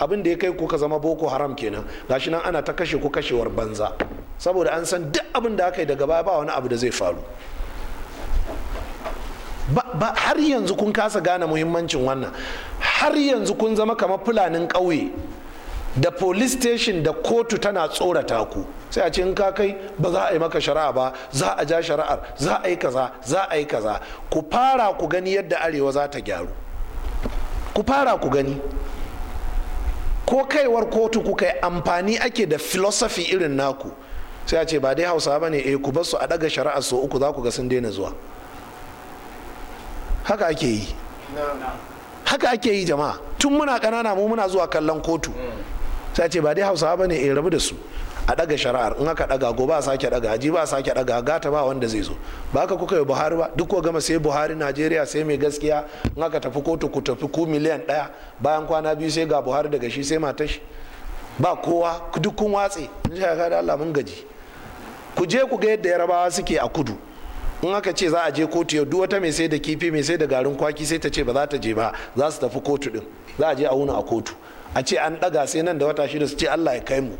abin da ya kai ku ka zama boko haram kenan gashi nan ana ta kashe ku kashewar banza saboda an san duk abin da aka yi daga baya ba wani abu da zai faru ba har yanzu kun kasa gane muhimmancin wannan har yanzu kun zama kamar fulanin ƙauye da police station da kotu tana tsorata ku sai a ce in ka kai ba za a yi maka shari'a ba za a ja shari'ar za a yi kaza za a yi kaza ku fara ku gani yadda arewa za ta gyaru ku fara ku gani ko kaiwar kotu kuka yi amfani ake da philosophy irin naku sai a ce ba dai hausa ba ne eh, ku basu a daga shari'a so uku za ku ga sun daina zuwa haka ake yi haka ake yi jama'a tun muna ƙanana mu muna zuwa kallon kotu sai a ce ba dai hausa ba ne eh, rabu da su a daga shari'ar in aka daga gobe a sake daga aji ba a sake daga gata ba wanda zai zo ba ka kuka yi buhari ba duk ko gama sai buhari najeriya sai mai gaskiya in aka tafi kotu ku tafi ku miliyan daya bayan kwana biyu sai ga buhari daga shi sai shi ba kowa duk kun watse in ji da allah mun gaji ku je ku ga yadda yarabawa suke a kudu in aka ce za a je kotu yau duk wata mai sai da kifi mai sai da garin kwaki sai ta ce ba za ta je ba za su tafi kotu din za a je a wuni a kotu a ce an daga sai nan da wata shida su ce allah ya kai mu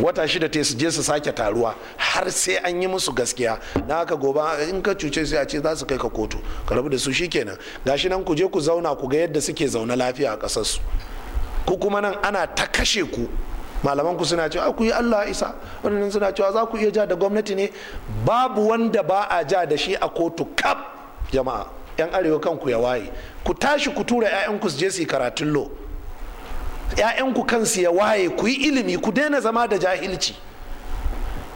wata shida ta su je su sake taruwa har sai an yi musu gaskiya na haka gobe in ka cuce sai a ce za su kai ka kotu ka rabu da su shikenan gashi nan ku je ku zauna ku ga yadda suke zaune lafiya a ƙasar su ku kuma nan ana ta kashe ku malaman ku suna cewa ah, ku yi Allah isa wannan suna cewa za ku iya ja da gwamnati ne babu wanda ba a ja da shi a kotu kap jama'a yan arewa kanku ya waye ku tashi ku tura 'ya'yanku su je su yi karatun lo 'ya'yanku kansu ya waye ku yi ilimi ku daina zama da jahilci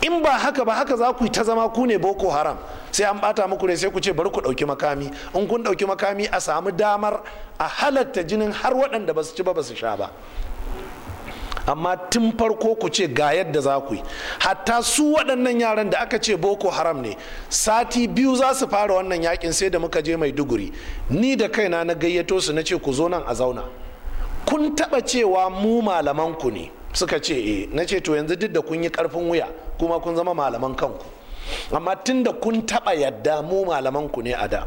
in ba haka ba haka za ku yi ta zama ku ne boko haram sai an bata muku ne sai ku ce bari ku ɗauki makami in kun ɗauki makami a samu damar a halatta jinin har waɗanda ba su ci ba ba su sha ba amma tun farko ku ce ga yadda za ku yi hatta su waɗannan yaran da aka ce boko haram ne sati biyu za su fara wannan yakin sai da muka je mai duguri ni da kaina na gayyato su na ce ku zo nan a zauna kun taba cewa mu malaman ne suka ce eh na ce to yanzu duk da kun yi karfin wuya kuma kun zama malaman kanku amma tun da kun taba yadda mu malaman ku ne a da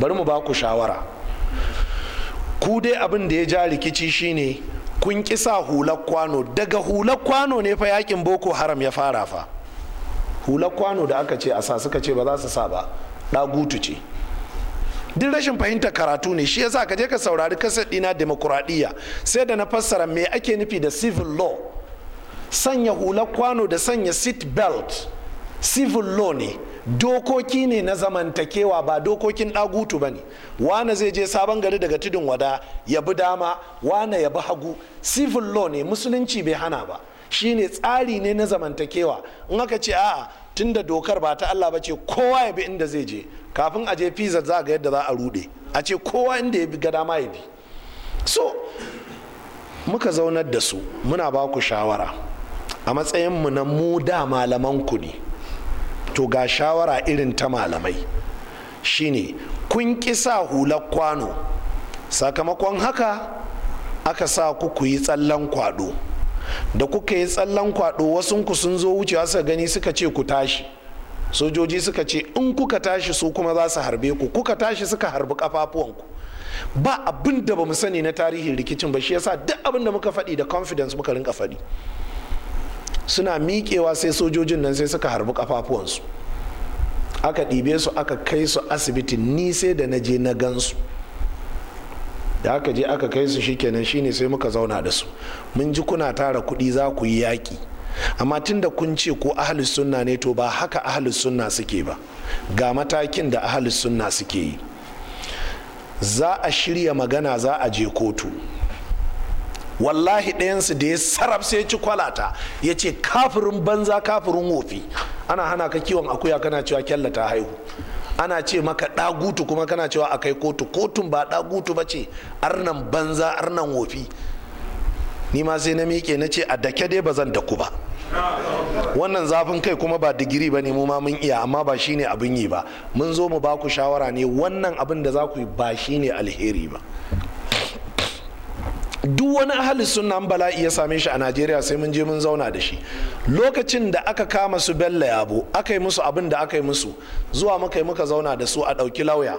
bari mu ba ku shawara ku dai abin da ya ja rikici shine kun kisa hular kwano daga hular kwano ne fa yakin boko haram ya fara fa hular kwano da aka ce a sa suka ce ba za su sa ba ɗagutu ce duk rashin fahimtar karatu ne shi yasa ka je ka saurari kasar dina demokuraɗiyya sai da na fassara me ake nufi da civil law sanya hular kwano da sanya seat belt civil law ne dokoki ne na zamantakewa ba dokokin ɗagutu ba ne wane zai je sabon gari daga tudun wada ya bi dama wane ya bi hagu civil law ne musulunci bai hana ba shine tsari ne na zamantakewa in aka ce a'a da dokar ba ta Allah ba ce kowa ya bi inda zai je kafin a je pizza za ga yadda za a rude a ce kowa inda ya bi gada ma ya bi so muka zaunar da su muna ba ku shawara a matsayin mu na mu da malaman ku ne to ga shawara irin ta malamai shine kun kisa sa hular kwano sakamakon haka aka sa ku ku yi tsallan kwado da kuka yi tsallan kwaɗo wasunku sun zo wucewa suka gani suka ce ku tashi sojoji suka ce in kuka tashi su kuma za su harbe ku kuka tashi suka harbi kafafuwanku ba abin da ba mu sani na tarihin rikicin ba shi yasa duk abin da muka faɗi da confidence muka rinka faɗi suna miƙewa sai sojojin nan sai suka harbi kafafuwansu aka ɗibe su aka kai su asibiti ni sai da na je na gansu da aka je aka kai su shikenan shine sai muka zauna da su mun ji kuna tara kuɗi za ku yi yaƙi amma tun da kun ce ko ahalus sunna ne to ba haka ahalus sunna suke ba ga matakin da ahalus sunna suke yi za a shirya magana za a je kotu wallahi ɗayansu da ya sarab sai ci kwalata ya ce kafirin banza kafirin wofi ana hana ka kiwon akuya kana cewa kyalla ta haihu ana ce maka ɗagutu kuma kana cewa a kai kotu kotun ba ɗagutu ba ce arnan banza arnan wofi ni ma sai na miƙe na ce a dake dai ba zan daku ba wannan zafin kai kuma ba digiri ba ne mu ma mun iya amma ba shine abin yi ba mun zo mu baku shawara ne wannan abin da za ku yi ba shine alheri ba duk wani ahalin suna an bala'i ya same shi a najeriya sai mun je mun zauna da shi lokacin da aka kama su bella yabo aka yi musu abin da aka yi musu zuwa muka yi muka zauna da su a ɗauki lauya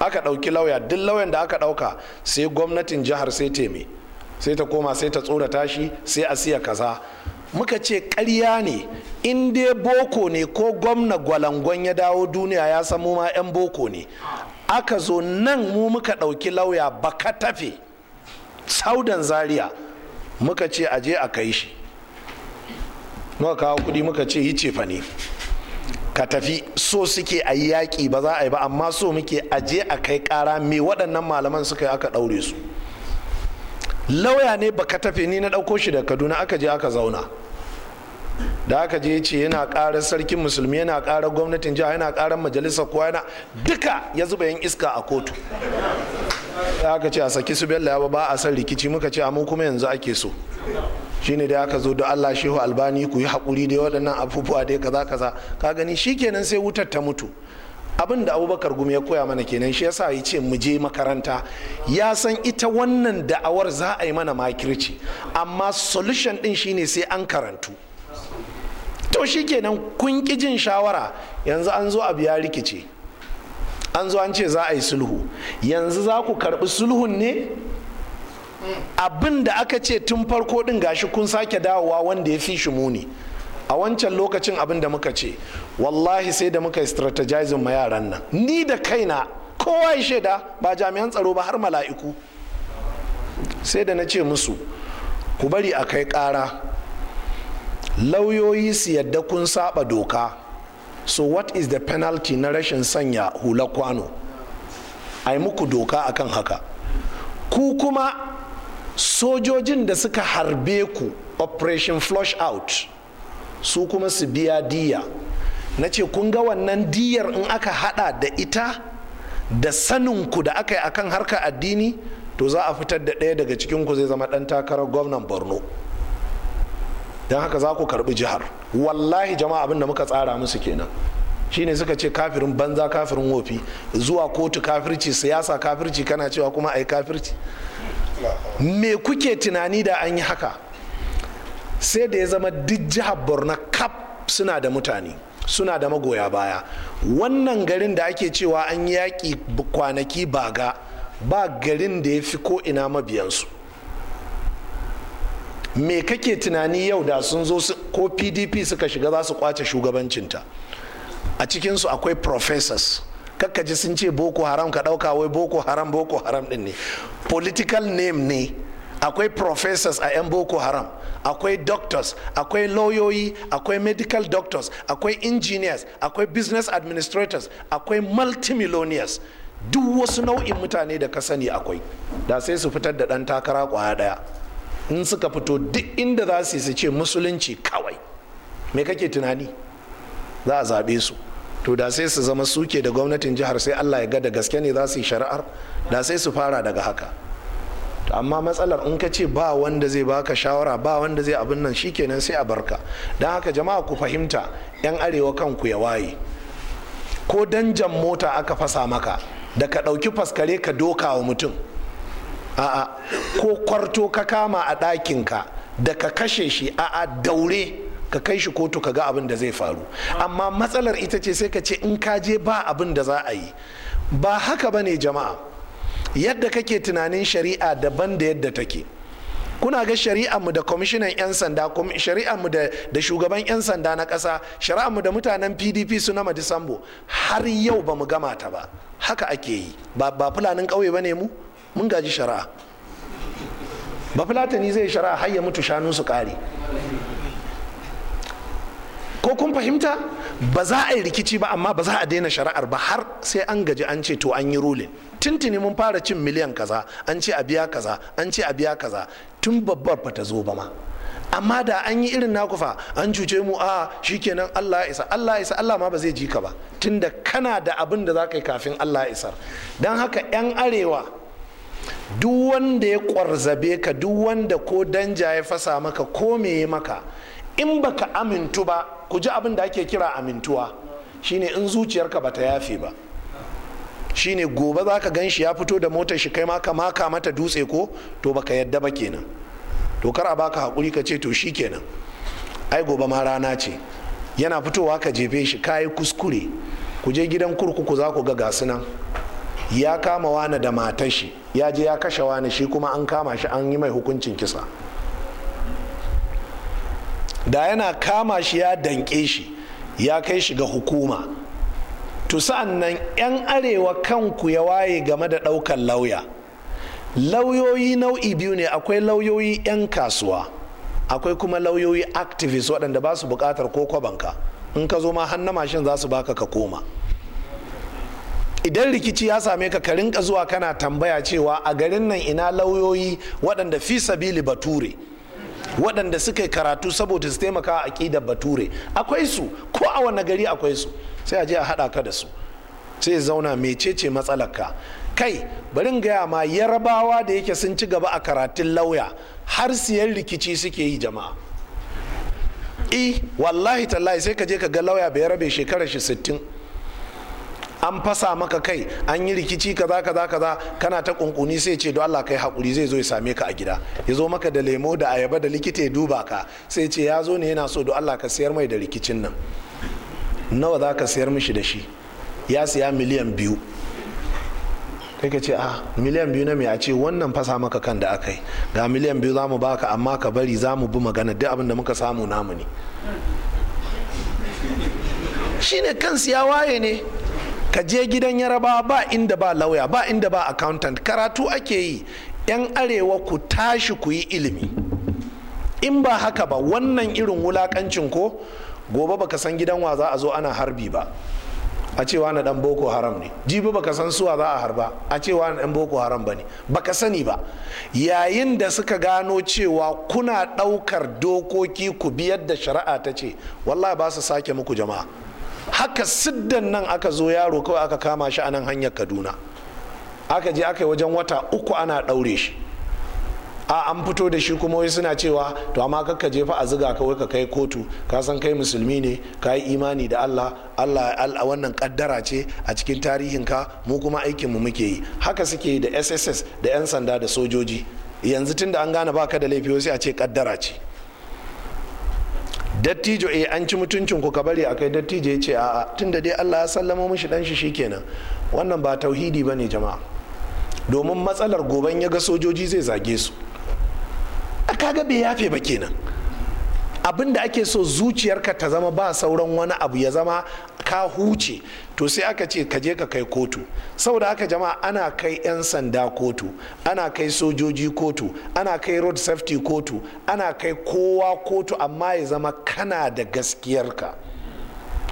aka ɗauki lauya duk lauyan da aka ɗauka sai gwamnatin jihar sai teme sai ta koma sai ta tsorata tashi sai a siya kaza muka ce karya ne in dai boko ne ko gwamna gwalangon ya dawo duniya ya samu ma 'yan boko ne aka zo nan mu muka ɗauki lauya baka tafe saudan zaria muka ce aje a kai shi muka kawo kudi muka ce yi cefa ne ka tafi so suke a yi yaƙi ba za a yi ba amma so muke aje a kai ƙara me waɗannan malaman suka yi aka ɗaure su lauya ne baka tafe ni na ɗauko shi da kaduna aka je aka zauna da aka je ce yana ƙara sarkin musulmi yana ƙara gwamnatin jiha yana ƙara majalisa kowa yana duka ya zuba yin iska a kotu da aka ce a saki su bello ya ba a san rikici muka ce amma kuma yanzu ake so shine da aka zo da Allah shehu albani ku yi haƙuri da waɗannan abubuwa da kaza kaza ka gani kenan sai wutar ta mutu abin da abubakar gumi ya koya mana kenan shi yasa ya ce mu je makaranta ya san ita wannan da'awar za a yi mana makirci amma solution din shine sai an karantu to shikenan kun ƙi jin shawara yanzu an zo abu ya rikice an zo an ce za a yi sulhu yanzu za ku karɓi sulhun ne abin da aka ce tun farko ɗin gashi kun sake dawowa wanda ya fi shi muni a wancan lokacin abin da muka ce wallahi sai da muka yi strategizing ma yaran nan ni da kaina kowa ya shaida ba jami'an tsaro ba har mala'iku sai da na ce musu ku bari a kai ƙara lauyoyi su yadda kun saba doka so what is the penalty na rashin sanya hula kwano a yi muku doka akan haka ku kuma sojojin da suka harbe ku operation flush out su kuma su biya diya na ce kun ga wannan diyar in aka hada da ita da saninku da aka yi akan harka addini to za a fitar da ɗaya daga cikin ku zai zama ɗan takarar gwamnan borno don haka za ku karbi jihar wallahi jama'a abin da muka tsara musu kenan shine suka ce kafirin banza kafirin wofi zuwa kotu kafirci siyasa kafirci kana cewa kuma ai kafirci me kuke tunani da an yi haka sai da ya zama duk jihar borno kap suna da mutane suna da magoya baya wannan garin da ake cewa an yaƙi kwanaki baga ba garin da ya fi ko ina mabiyansu me kake tunani yau da sun zo ko pdp suka shiga za su kwace shugabancinta a cikinsu akwai professors kakkaji sun ce boko haram ka ɗauka wai boko haram boko haram din ne political name ne akwai professors a 'yan boko haram akwai doctors akwai lauyoyi akwai medical doctors akwai engineers akwai business administrators akwai multimillionaires duk wasu nau'in mutane da ka sani akwai da sai su fitar da ɗan takara kwaya ɗaya in suka fito duk inda za su su ce musulunci kawai me kake tunani za a zaɓe su to da sai su zama suke da gwamnatin jihar sai allah ya ga da gaske ne za su yi shari'ar da sai su fara daga haka amma matsalar in ka ce ba wanda zai baka shawara ba wanda zai abin nan shi shikenan sai a barka don haka jama'a ku fahimta 'yan arewa kanku ya waye ko danjan mota aka fasa maka da ka ɗauki faskare ka doka wa mutum a'a ko kwarto ka kama a ɗakinka da ka kashe shi a'a daure ka kai shi kotu ka ga abin da zai faru amma matsalar ita ce sai ka ce in ka je ba abin da za a yi ba haka ba ne jama'a yadda kake tunanin shari'a daban da yadda take kuna ga shari'armu da kwamishinan 'yan sanda shari'armu da shugaban 'yan sanda na ƙasa shari'armu da mutanen pdp su na madisambo har yau ba mu gama ta ba haka ake yi ba fulanin ƙauye ba ne mu mun gaji shari'a ba fulatani zai shari'a har ya mutu shanu su kare ko kun fahimta ba za a yi rikici ba amma ba za a daina shari'ar ba har sai an gaji an ce to an yi ruling tuntuni mun fara cin miliyan kaza an ce a biya kaza an ce a biya kaza tun babbar ba ta zo ba ma amma da an yi irin naku fa an cuce mu a shikenan Allah ya isa Allah isa Allah ma ba zai ji ka ba tunda kana da abin da za ka yi kafin Allah ya isar don haka 'yan arewa duk wanda ya kwarzabe ka duk wanda ko danja ya fasa maka ko me maka in baka amintu ba ku ji abin da ake kira amintuwa shine in zuciyarka bata yafe ba shine gobe za ka gan shi ya fito da motar shi kai maka maka mata dutse ko to baka yadda ba kenan to kar a baka hakuri ka ce to shi kenan ai gobe ma rana ce yana fitowa ka jefe shi kayi kuskure ku je gidan kurkuku za ku ga gasu nan ya kama wani da matar shi ya je ya kashe wani shi kuma an kama shi an yi mai hukuncin kisa da yana kama shi ya danke shi ya kai shi ga hukuma to sa'an nan 'yan arewa kanku ya waye game da ɗaukan lauya lauyoyi nau'i biyu ne akwai lauyoyi 'yan kasuwa akwai kuma lauyoyi activists waɗanda ba su buƙatar ko kwabanka in ka zo ma hannu mashin za su baka ka koma idan rikici ya same ka ka rinka zuwa kana tambaya cewa a garin nan ina lauyoyi waɗanda fi sabili bature waɗanda suka yi karatu saboda su taimaka a aƙidar bature akwai su ko a wani gari akwai su sai a je a haɗa ka da su sai zauna mecece matsalar ka. kai barin gaya ma yarabawa da yake sun ci gaba a karatun lauya har siyan rikici suke yi jama'a i eh, wallahi tallahi sai ka je ka ga lauya bai rabe shekarar shi sittin. an fasa maka kai an yi rikici kaza kaza kaza kana ta kunkuni sai ce don Allah kai hakuri zai zo ya same ka a gida ya zo maka da lemo da ayaba da likita ya duba ka sai ce ya zo ne yana so don Allah ka sayar mai da rikicin nan nawa za ka sayar mishi da shi ya siya miliyan biyu kai ka ce a ah, miliyan biyu na mai a ce wannan fasa maka kan da aka yi ga miliyan biyu za mu baka amma ka bari za mu bi magana duk abin da muka samu namu ne shine kansu ya waye ne ka je gidan yaraba ba inda ba lauya ba inda ba accountant karatu ake yi 'yan arewa ku tashi ku yi ilimi in ba haka ba wannan irin wulakancin ko gobe baka san gidan wa za a zo ana harbi ba a cewa na dan boko haram ne jibi baka san suwa za a harba a cewa na dan boko haram ba ne baka sani ba yayin da suka gano cewa kuna ɗaukar dokoki ku biyar da shari'a ta ce wallahi ba su sake muku jama'a haka siddan nan aka zo yaro kawai aka kama shi a nan hanyar kaduna aka je aka yi wajen wata uku ana ɗaure shi a an fito da shi kuma wai suna cewa to amma kakka jefa a ziga kawai ka kai kotu ka san kai musulmi ne ka yi imani da Allah Allah Allah wannan kaddara ce a cikin tarihin ka mu kuma aikinmu muke yi haka suke yi da SSS da yan sanda da sojoji yanzu tun da an gane baka da laifi wasu a ce kaddara ce dattijo eh an ci mutuncin ku ka bari a kai dattijo ya ce a'a tunda dai Allah ya sallama mishi dan shi kenan wannan ba tauhidi bane jama'a domin matsalar goban ya ga sojoji zai zage su a kaga bai yafe ba kenan abin da ake so zuciyarka ta zama ba sauran wani abu ya zama ka huce to sai aka ce ka je ka kai kotu saboda aka jama'a ana kai 'yan sanda kotu ana kai sojoji kotu ana kai road safety kotu ana kai kowa kotu amma ya zama kana da gaskiyarka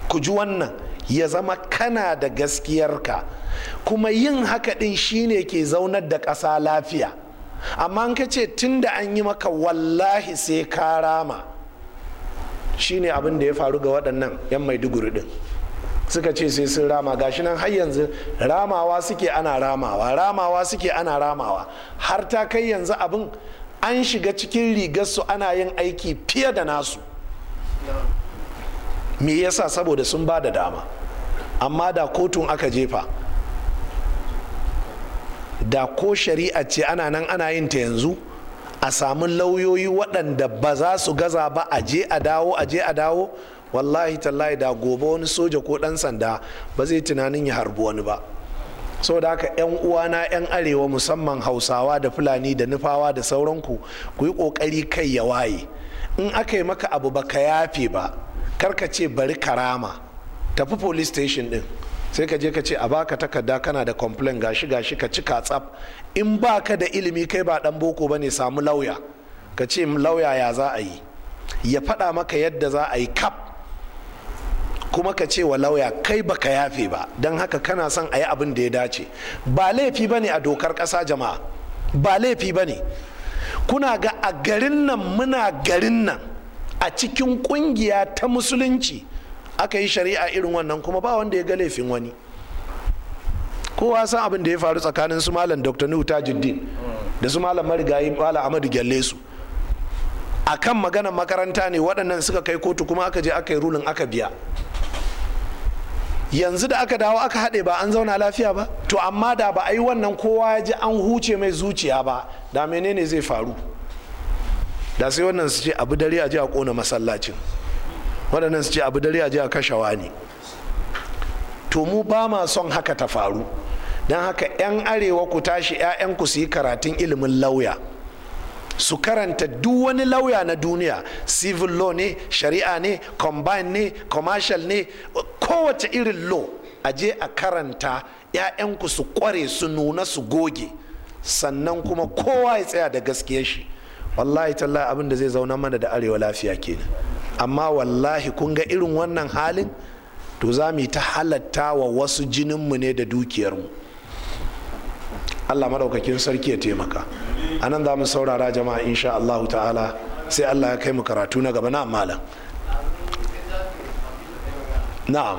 ku ji wannan ya zama kana da gaskiyarka kuma yin haka din shine ke zaunar da ƙasa lafiya amma an ka tun da an yi maka wallahi sai ka rama shine abin da ya faru ga waɗannan 'yan maiduguri din suka ce sai sun rama gashi nan har yanzu ramawa suke ana ramawa ramawa suke ana ramawa har ta kai yanzu abin an shiga cikin rigarsu ana yin aiki fiye da nasu me yasa saboda sun ba da dama amma da kotun aka jefa da ko shari'a ce ana nan ana yin ta yanzu a samu lauyoyi waɗanda ba za su gaza ba a je a dawo a je a dawo wallahi tallahi da gobe wani soja ko dan sanda ba zai tunanin ya harbi wani ba saboda haka 'yan uwana 'yan arewa musamman hausawa da fulani da nufawa da sauranku ku yi kokari kai ya waye in aka yi maka abu ba ka yafe ba karka ce bari karama tafi police station din sai ka je ka ce a baka takarda kana da complain gashi gashi ka cika tsaf in baka da ilimi kai ba dan boko ba ne samu lauya ka ce lauya ya za a yi ya faɗa maka yadda za a yi kap kuma ka ce wa lauya kai baka yafe ba don haka kana son a yi abin da ya dace ba laifi ba ne a dokar kasa jama'a ba laifi ba ne kuna ga a garin nan muna garin nan a cikin ƙungiya ta musulunci aka yi shari'a irin wannan kuma ba wanda ya ga laifin wani kowa san abin da ya faru tsakanin su malam dr nuhu tajuddin da su malam marigayi malam amadu gyalle a kan maganar makaranta ne waɗannan suka kai kotu kuma aka je aka yi rulin aka biya yanzu da aka dawo aka haɗe ba an zauna lafiya ba to amma da ba a yi wannan kowa ya ji an huce mai zuciya ba da menene zai faru da sai wannan su ce abu dare a ji a kona masallacin waɗannan su ce abu dare a ji a kashe wani to mu ba ma son haka ta faru don haka 'yan arewa ku tashi 'ya'yanku su yi karatun ilimin lauya su karanta duk wani lauya na duniya civil law ne shari'a ne combine ne commercial ne kowace irin law a je a karanta 'ya'yanku su kware su nuna su goge sannan kuma kowa ya tsaya da gaskiyar shi wallahi talla abin da zai zauna mana da arewa lafiya kenan amma wallahi kun ga irin wannan halin to za mu yi ta halatta wa wasu jininmu ne da dukiyarmu allah maɗaukakin sarki ya taimaka a nan za mu saurara jama'a insha Allah ta'ala sai Allah ya kai mu karatu na gaba na malam na'am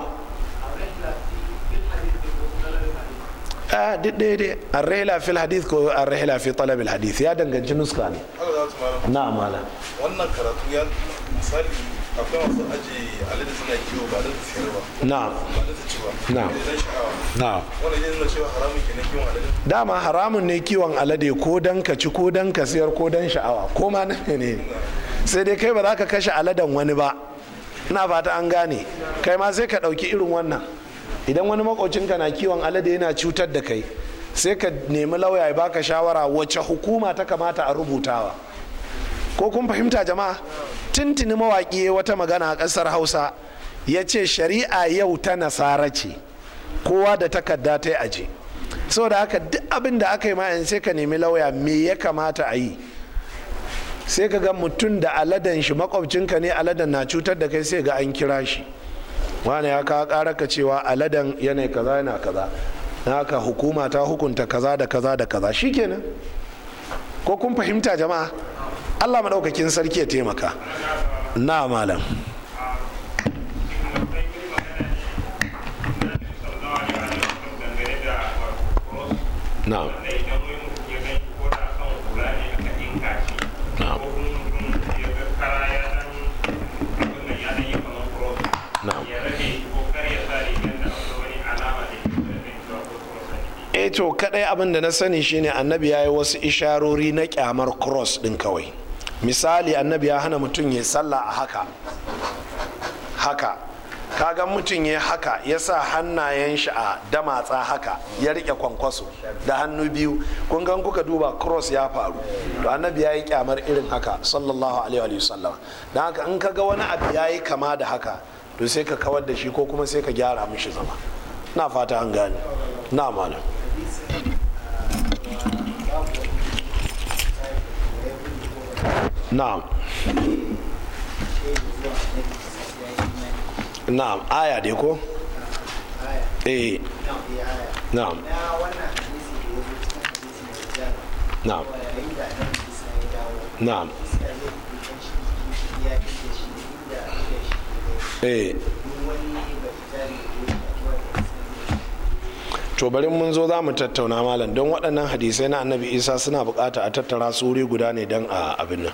a ah, duk ɗaya dai arrela fil hadith ko rela fi talab hadith ya danganci nuska ne na'am malam wannan karatu ya misali dama haramun ne kiwon alade ko dan ka ci ko dan ka siyar ko dan sha'awa ko ma na ne sai dai kai ba za ka kashe aladen wani ba ina fata an gane kai ma sai ka ɗauki irin wannan idan wani makocinka na kiwon alade yana cutar da kai sai ka nemi lauya ya baka shawara wacce hukuma ta kamata a rubutawa ko kun fahimta jama'a tuntuni mawaƙi wata magana a ƙasar hausa ya ce shari'a yau ta nasara ce kowa da takarda ta so saboda haka duk abin da aka yi ma'ayin sai ka nemi lauya me ya kamata a yi sai ka ga mutum da aladan shi makwabcinka ne aladan na cutar da kai sai ga an kira shi wani ya kawo ƙara ka cewa aladan yanayi kaza yana kaza na haka hukuma ta hukunta kaza da kaza da kaza shikenan ko kun fahimta jama'a allah maɗaukakin sarki ya taimaka na malam na'am eh to kadai abin da na sani shine annabi ya yi wasu isharori na kyamar cross din kawai misali annabi ya hana mutum ya sallah a haka haka kaga mutum ya haka ya sa hannayen shi a damatsa haka ya rike kwankwaso da hannu biyu kun gan kuka duba cross ya faru to annabi ya yi kyamar irin haka sallallahu alaihi wa sallam dan haka in ka ga wani abu ya yi kama da haka to sai ka kawar da shi ko kuma sai ka gyara mishi zama na fata an gane na malam na'am na'am aya dai ko eh na'am na'am na'am eh to bari mun zo za mu tattauna malam don waɗannan hadisai na annabi isa suna bukata a tattara su wuri guda ne don a abin nan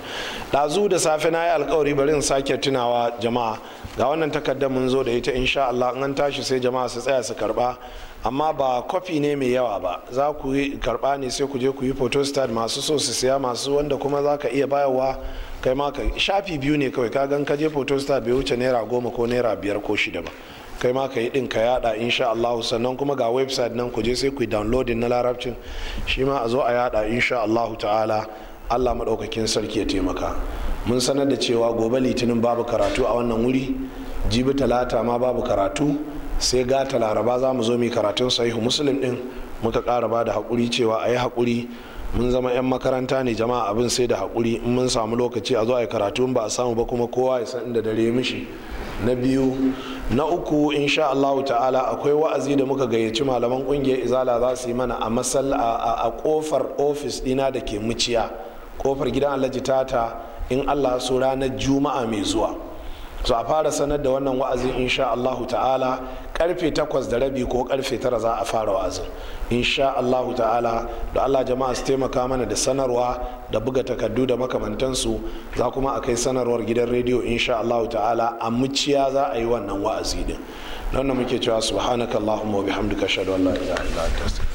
ɗazu da safe na yi alkawari bari in sake tunawa jama'a ga wannan takardar mun zo da ita insha Allah in an tashi sai jama'a su tsaya su karba amma ba kwafi ne mai yawa ba za ku yi karba ne sai ku je ku yi photostat masu so su siya masu wanda kuma za ka iya bayarwa kai ma ka shafi biyu ne kawai ka gan ka je photostat bai wuce naira goma ko naira biyar ko shida ba kai ma ka yi din ka yada insha Allah sannan kuma ga website nan ku je sai ku yi downloading na larabcin shi ma a zo a yada insha Allah ta'ala Allah madaukakin sarki ya taimaka mun sanar da cewa gobe litinin babu karatu a wannan wuri jibi talata ma babu karatu sai gata laraba za mu zo mai karatun sahihu muslim ɗin muka ƙara ba da haƙuri cewa a yi haƙuri mun zama 'yan makaranta ne jama'a abin sai da haƙuri in mun samu lokaci a zo a yi karatu ba a samu ba kuma kowa ya san inda dare mishi na biyu na uku insha Allah ta'ala akwai wa'azi da muka gayyaci malaman kungiyar izala za su yi mana a masal a kofar ofis dina da ke muciya kofar gidan alhaji tata in Allah su ranar juma'a mai zuwa so a fara sanar da wannan wa'azi insha Allah ta'ala karfe takwas da rabi ko karfe tara za a fara wa'azin insha Allahu ta'ala da Allah jama'a su taimaka mana da sanarwa da buga takardu da makamantansu za kuma a kai sanarwar gidan rediyo insha Allahu ta'ala a muciya za a yi wannan wa'azi din da muke cewa subhanakallahumma wa bihamdika ashhadu an la ilaha illa anta